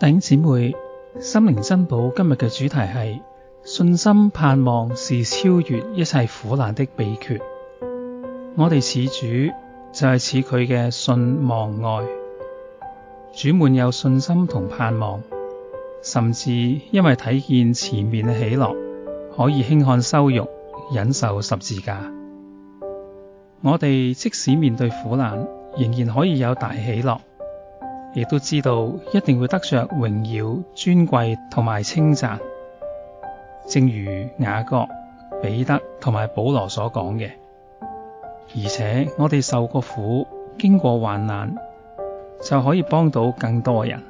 弟兄姐妹心靈珍寶，今日嘅主題係信心盼望是超越一切苦難的秘訣。我哋似主就係、是、似佢嘅信望愛，主滿有信心同盼望，甚至因為睇見前面嘅喜樂，可以輕看羞辱，忍受十字架。我哋即使面對苦難，仍然可以有大喜樂。亦都知道一定會得着榮耀、尊貴同埋稱讚，正如雅各、彼得同埋保羅所講嘅。而且我哋受過苦、經過患難，就可以幫到更多人。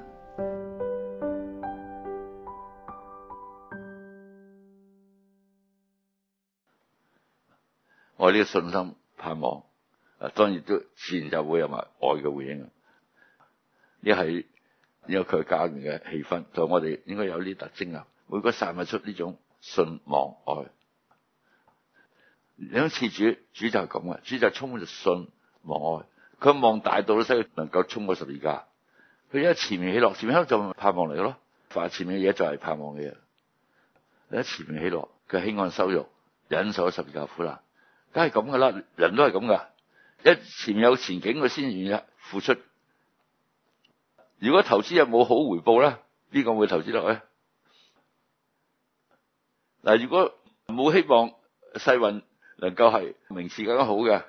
我呢個信心盼望，啊當然都自然就會有埋愛嘅回應。一係呢佢教庭嘅氣氛，就我哋應該有啲特徵啊！會個散發出呢種信望愛。你想似主，主就係咁嘅，主就係充滿着信望愛。佢望大道都使，能夠衝過十字架。佢一前面喜樂，前面就盼望嚟咯。凡前面嘅嘢就係盼望嘅嘢。一前面喜樂，佢輕看羞辱，忍受咗十字架苦難，梗係咁噶啦！人都係咁噶。一前面有前景，佢先願意付出。如果投資有冇好回報咧，邊個會投資落去？嗱，如果冇希望世運能夠係名次更加好嘅，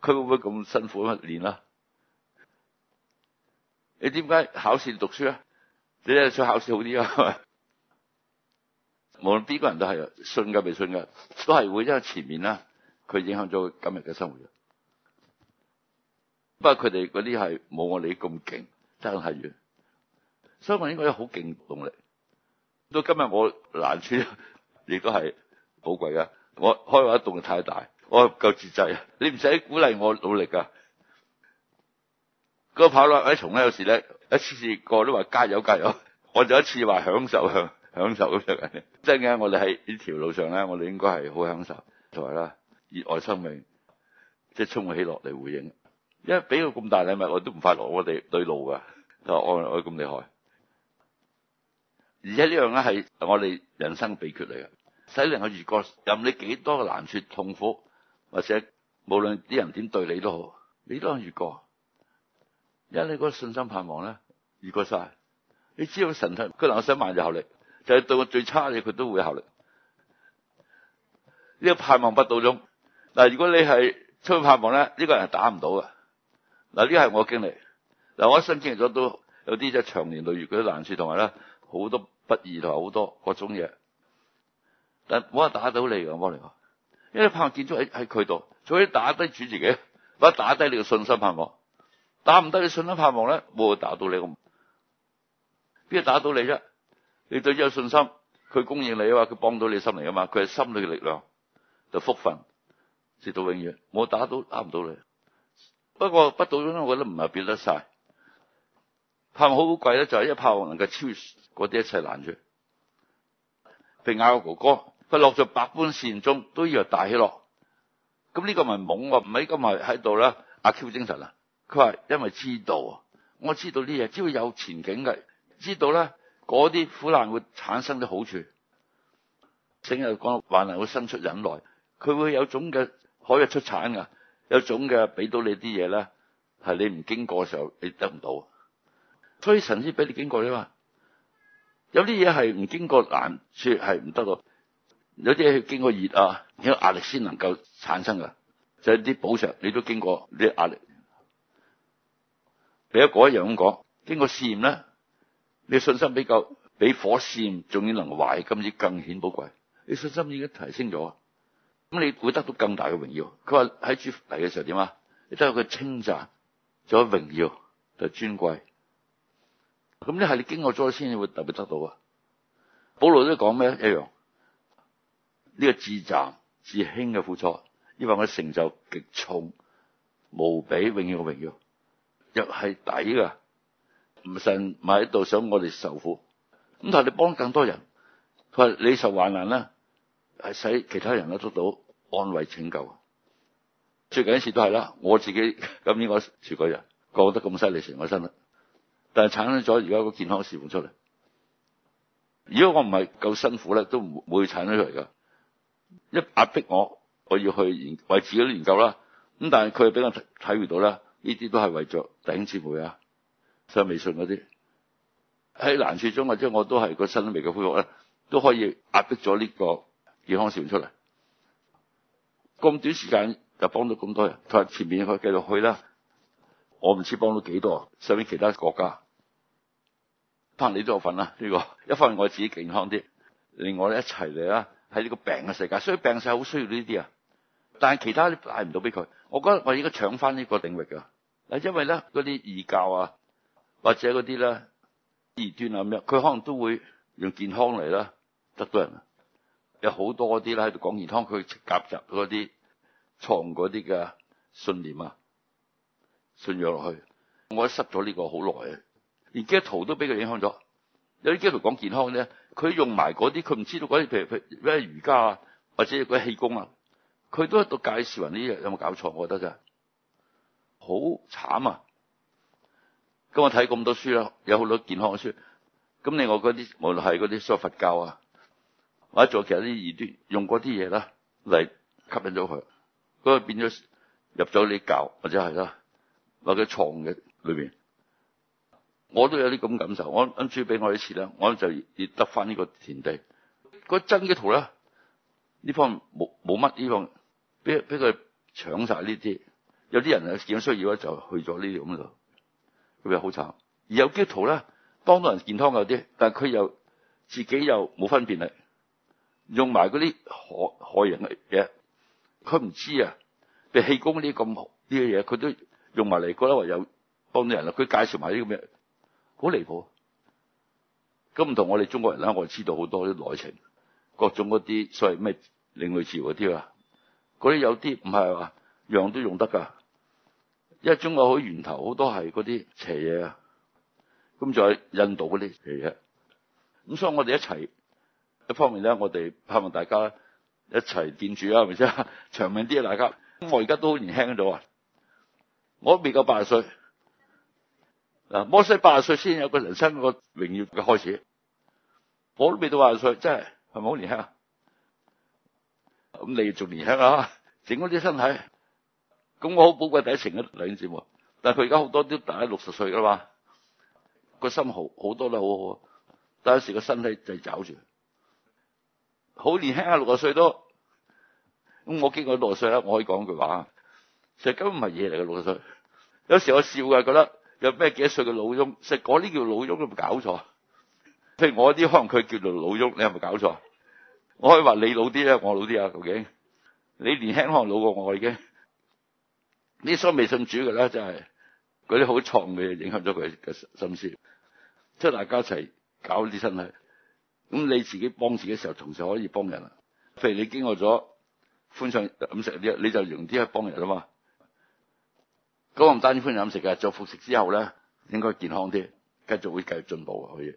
佢會唔會咁辛苦一年啦？你點解考試讀書啊？你想考試好啲啊？無論邊個人都係信㗎、未信㗎，都係會因為前面啦，佢影響咗佢今日嘅生活。不過佢哋嗰啲係冇我哋咁勁。真係遠，所以我應該有好勁動力。到今日我難處，亦都係寶貴噶。我開懷動力太大，我唔夠節制。你唔使鼓勵我努力噶。個跑馬拉松咧，從有時咧，一次次過都話加油加油。我就一次話享受享受咁樣。真嘅，我哋喺呢條路上咧，我哋應該係好享受。同埋啦，熱愛生命，即係衝起落嚟回應。因為俾佢咁大禮物，我都唔快樂。我哋對路噶。就我我咁厲害，而且呢樣嘢係我哋人生嘅秘訣嚟嘅，使令我越過任你幾多嘅難處、痛苦，或者無論啲人點對你都好，你都能越過，因為你嗰個信心盼望咧，越過晒。你知要知道神佢能夠使萬有效力，就係、是、對我最差嘅佢都會效力。呢、這個盼望不到中，嗱，如果你係出去盼望咧，呢、這個人係打唔到嘅。嗱，呢個係我經歷。嗱，我一生經歷咗都有啲即係長年累月嗰啲難處，同埋咧好多不易同埋好多各種嘢。但冇話打到你咁幫你講，因為盼望建築喺喺佢度，除以打低住自己。或者打低你嘅信心盼望，打唔低你信心盼望咧，冇會打到你咁。邊個打到你啫？你對有信心，佢供應你啊嘛，佢幫到你的心靈啊嘛，佢係心裏嘅力量，就是、福分，直到永遠。我打到打唔到你，不過不到終，我覺得唔係變得晒。盼好好貴咧，就係、是、一盼望能夠超越嗰啲一切難處被咬嘅哥哥，佢落咗百般試煉中，都以為大喜樂。咁呢個咪懵？唔係今日喺度啦。阿 Q 精神啊，佢話，因為知道啊，我知道呢嘢，只要有前景嘅，知道咧嗰啲苦難會產生啲好處。整日講患難會生出忍耐，佢會有種嘅海日出產噶，有種嘅俾到你啲嘢咧，係你唔經過嘅時候，你得唔到。推神先俾你經過啫嘛，有啲嘢係唔經過難，説係唔得咯。有啲嘢要經過熱啊，有壓力先能夠產生噶。就係啲寶石，你都經過啲壓力。第一個一樣咁講，經過試驗呢，你信心比較比火試驗仲要能壞，今次更顯寶貴。你信心已經提升咗，咁你會得到更大嘅榮耀。佢話喺主嚟嘅時候點啊？你得到佢稱讚，仲有榮耀就尊貴。咁呢係你經過咗先會特別得到啊！保羅都講咩一樣？呢、這個至暫至輕嘅苦楚，因為佢成就極重無比、永遠嘅榮耀，又係抵噶。唔係神喺度想我哋受苦，咁但係你幫更多人，佢話你受患難啦，係使其他人都得到安慰拯救。最近一次都係啦，我自己今年我住嗰日講得咁犀利，成個身啦。但係產生咗而家個健康事業出嚟。如果我唔係夠辛苦咧，都唔會產生出嚟噶。一壓迫我，我要去研為自己研究啦。咁但係佢俾我體會到啦，呢啲都係為咗弟兄姊妹啊，上微信嗰啲喺難處中或者我都係個身體未嘅恢復咧，都可以壓迫咗呢個健康事業出嚟。咁短時間就幫到咁多人，佢話前面佢繼續去啦。我唔知幫到幾多，上面其他國家，可能你都有份啦呢個。一方面我自己健康啲，另外咧一齊嚟啦，喺呢個病嘅世界，所以病世好需要呢啲啊。但係其他你帶唔到俾佢，我覺得我而家搶翻呢個領域啊。嗱，因為咧嗰啲異教啊，或者嗰啲咧異端啊咁樣，佢可能都會用健康嚟啦得到人。有好多啲咧喺度講健康，佢夾雜嗰啲藏嗰啲嘅信念啊。信仰落去，我一得失咗呢個好耐啊！連基督徒都俾佢影響咗。有啲基督徒講健康咧，佢用埋嗰啲，佢唔知道嗰啲，譬如咩瑜伽啊，或者嗰啲氣功啊，佢都喺度介紹人呢？有冇搞錯？我覺得真係好慘啊！咁我睇咁多書啦，有好多健康嘅書。咁你我嗰啲，無論係嗰啲所謂佛教啊，或者做其他啲異端，用嗰啲嘢啦嚟吸引咗佢，嗰個變咗入咗你教或者係啦。或者藏嘅裏邊，我都有啲咁感受。我諗住俾我一次啦，我就要得翻呢個田地。嗰個真基徒咧，呢方冇冇乜呢方，俾俾佢搶晒呢啲。有啲人啊，見到需要咧就去咗呢度咁就，咁又好慘。而有啲基徒咧，當到人健康有啲，但係佢又自己又冇分辨力，用埋嗰啲害害人嘅嘢，佢唔知啊。你氣功啲咁好啲嘅嘢，佢都。用埋嚟，覺得話有幫到人啦。佢介紹埋呢個咩？好離譜。咁唔同我哋中國人啦，我哋知道好多啲內情，各種嗰啲所謂咩另類詞嗰啲啊。嗰啲有啲唔係話樣都用得噶，因為中國好源頭好多係嗰啲邪嘢啊。咁仲有印度嗰啲邪嘢。咁所以我哋一齊一方面咧，我哋盼望大家一齊堅持啊，係咪先長命啲啊？大家。咁我而家都好年輕到啊。我都未夠八十歲，嗱，摩西八十歲先有個人生個榮耀嘅開始，我都未到八十歲，真係係咪好年輕？咁你仲年輕啊？整嗰啲身體，咁我好寶貴第一程嘅兩姊妹，但係佢而家好多都大咗六十歲噶嘛，個心好好多都好好，但係有時個身體就找住，好年輕啊六十歲都，咁我經過六十歲，我可以講句話。其實根本唔係嘢嚟嘅六十歲。有時我笑嘅，覺得有咩幾多歲嘅老翁，其實嗰啲叫老翁，你咪搞錯。譬如我啲可能佢叫做老翁，你係咪搞錯？我可以話你老啲咧，我老啲啊，究竟你年輕可能老過我已經。呢啲未信主嘅咧，就係嗰啲好錯誤嘅影響咗佢嘅心思。即係大家一齊搞啲身體，咁你自己幫自己嘅時候，同時可以幫人。譬如你經過咗歡暢飲食啲，你就容易啲去幫人啊嘛。如果唔單止飲食嘅，做復食之後咧，應該健康啲，繼續會繼續進步可以。